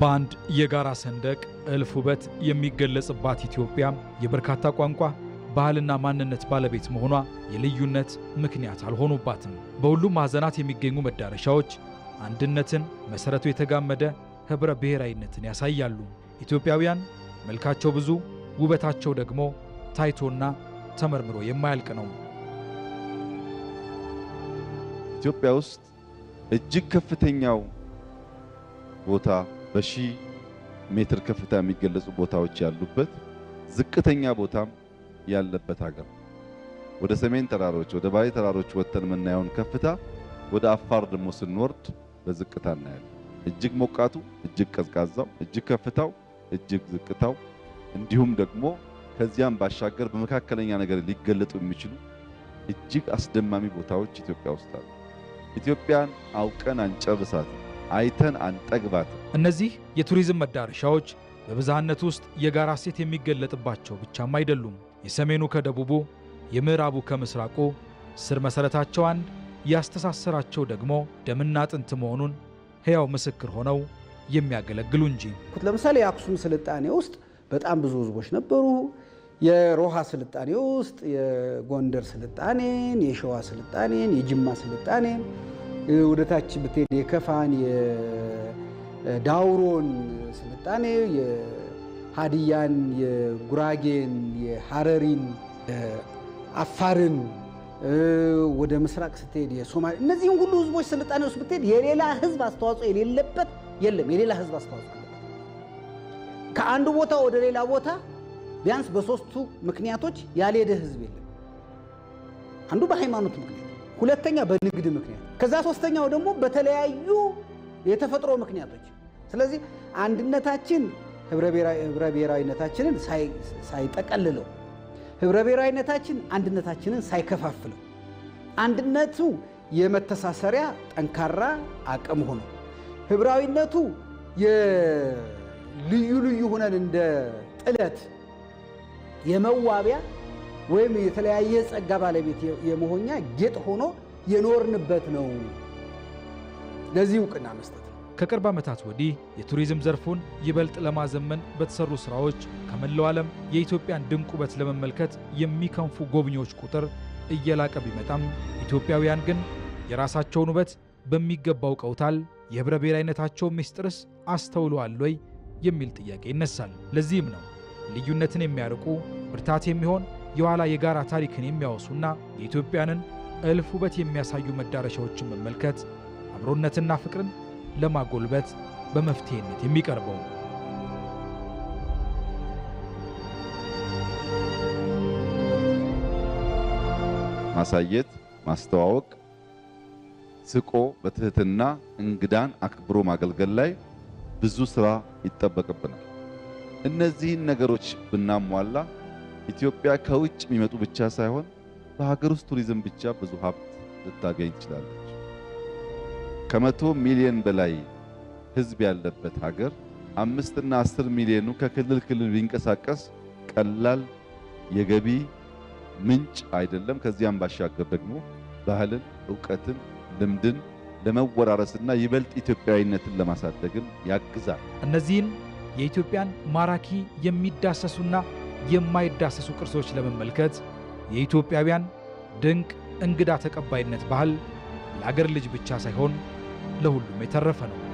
በአንድ የጋራ ሰንደቅ እልፍ ውበት የሚገለጽባት ኢትዮጵያ የበርካታ ቋንቋ ባህልና ማንነት ባለቤት መሆኗ የልዩነት ምክንያት አልሆኑባትም። በሁሉም ማዕዘናት የሚገኙ መዳረሻዎች አንድነትን መሠረቱ የተጋመደ ኅብረ ብሔራዊነትን ያሳያሉ። ኢትዮጵያውያን መልካቸው ብዙ፣ ውበታቸው ደግሞ ታይቶና ተመርምሮ የማያልቅ ነው። ኢትዮጵያ ውስጥ እጅግ ከፍተኛው ቦታ በሺህ ሜትር ከፍታ የሚገለጹ ቦታዎች ያሉበት ዝቅተኛ ቦታም ያለበት ሀገር ወደ ሰሜን ተራሮች ወደ ባሌ ተራሮች ወጥተን የምናየውን ከፍታ ወደ አፋር ደግሞ ስንወርድ በዝቅታ እናያለን። እጅግ ሞቃቱ፣ እጅግ ቀዝቃዛው፣ እጅግ ከፍታው፣ እጅግ ዝቅታው እንዲሁም ደግሞ ከዚያም ባሻገር በመካከለኛ ነገር ሊገለጡ የሚችሉ እጅግ አስደማሚ ቦታዎች ኢትዮጵያ ውስጥ አሉ። ኢትዮጵያን አውቀን አንጨርሳትም። አይተን አንጠግባት። እነዚህ የቱሪዝም መዳረሻዎች በብዝሃነት ውስጥ የጋራ ሴት የሚገለጥባቸው ብቻም አይደሉም። የሰሜኑ ከደቡቡ፣ የምዕራቡ ከምስራቁ ስር መሠረታቸው አንድ ያስተሳሰራቸው ደግሞ ደምና አጥንት መሆኑን ሕያው ምስክር ሆነው የሚያገለግሉ እንጂ። ለምሳሌ የአክሱም ስልጣኔ ውስጥ በጣም ብዙ ህዝቦች ነበሩ። የሮሃ ስልጣኔ ውስጥ የጎንደር ስልጣኔን፣ የሸዋ ስልጣኔን፣ የጅማ ስልጣኔን ወደታች ብትሄድ የከፋን፣ የዳውሮን ስልጣኔ፣ የሀዲያን፣ የጉራጌን፣ የሀረሪን፣ አፋርን ወደ ምስራቅ ስትሄድ የሶማሌ እነዚህም ሁሉ ህዝቦች ስልጣኔ ውስጥ ብትሄድ የሌላ ህዝብ አስተዋጽኦ የሌለበት የለም። የሌላ ህዝብ አስተዋጽኦ ከአንዱ ቦታ ወደ ሌላ ቦታ ቢያንስ በሶስቱ ምክንያቶች ያልሄደ ህዝብ የለም። አንዱ በሃይማኖት ምክንያት ሁለተኛ በንግድ ምክንያት፣ ከዛ ሶስተኛው ደግሞ በተለያዩ የተፈጥሮ ምክንያቶች። ስለዚህ አንድነታችን ህብረ ብሔራዊነታችንን ሳይጠቀልለው፣ ህብረ ብሔራዊነታችን አንድነታችንን ሳይከፋፍለው፣ አንድነቱ የመተሳሰሪያ ጠንካራ አቅም ሆኖ ህብራዊነቱ የልዩ ልዩ ሆነን እንደ ጥለት የመዋቢያ ወይም የተለያየ ጸጋ ባለቤት የመሆኛ ጌጥ ሆኖ የኖርንበት ነው። ለዚህ እውቅና መስጠት ነው። ከቅርብ ዓመታት ወዲህ የቱሪዝም ዘርፉን ይበልጥ ለማዘመን በተሰሩ ስራዎች ከመላው ዓለም የኢትዮጵያን ድንቅ ውበት ለመመልከት የሚከንፉ ጎብኚዎች ቁጥር እየላቀ ቢመጣም ኢትዮጵያውያን ግን የራሳቸውን ውበት በሚገባ አውቀውታል? የኅብረ ብሔራዊነታቸው ምስጢርስ አስተውለዋል ወይ? የሚል ጥያቄ ይነሳል። ለዚህም ነው ልዩነትን የሚያርቁ ብርታት የሚሆን የኋላ የጋራ ታሪክን የሚያወሱና የኢትዮጵያንን እልፍ ውበት የሚያሳዩ መዳረሻዎችን መመልከት አብሮነትና ፍቅርን ለማጎልበት በመፍትሄነት የሚቀርበው ማሳየት፣ ማስተዋወቅ፣ ስቆ በትህትና እንግዳን አክብሮ ማገልገል ላይ ብዙ ስራ ይጠበቅብናል። እነዚህን ነገሮች ብናሟላ ኢትዮጵያ ከውጭ የሚመጡ ብቻ ሳይሆን በሀገር ውስጥ ቱሪዝም ብቻ ብዙ ሀብት ልታገኝ ትችላለች። ከመቶ ሚሊዮን በላይ ህዝብ ያለበት ሀገር አምስትና አስር ሚሊዮኑ ከክልል ክልል ቢንቀሳቀስ ቀላል የገቢ ምንጭ አይደለም። ከዚያም ባሻገር ደግሞ ባህልን፣ እውቀትን፣ ልምድን ለመወራረስና ይበልጥ ኢትዮጵያዊነትን ለማሳደግን ያግዛል። እነዚህን የኢትዮጵያን ማራኪ የሚዳሰሱና የማይዳሰሱ ቅርሶች ለመመልከት የኢትዮጵያውያን ድንቅ እንግዳ ተቀባይነት ባህል ለአገር ልጅ ብቻ ሳይሆን ለሁሉም የተረፈ ነው።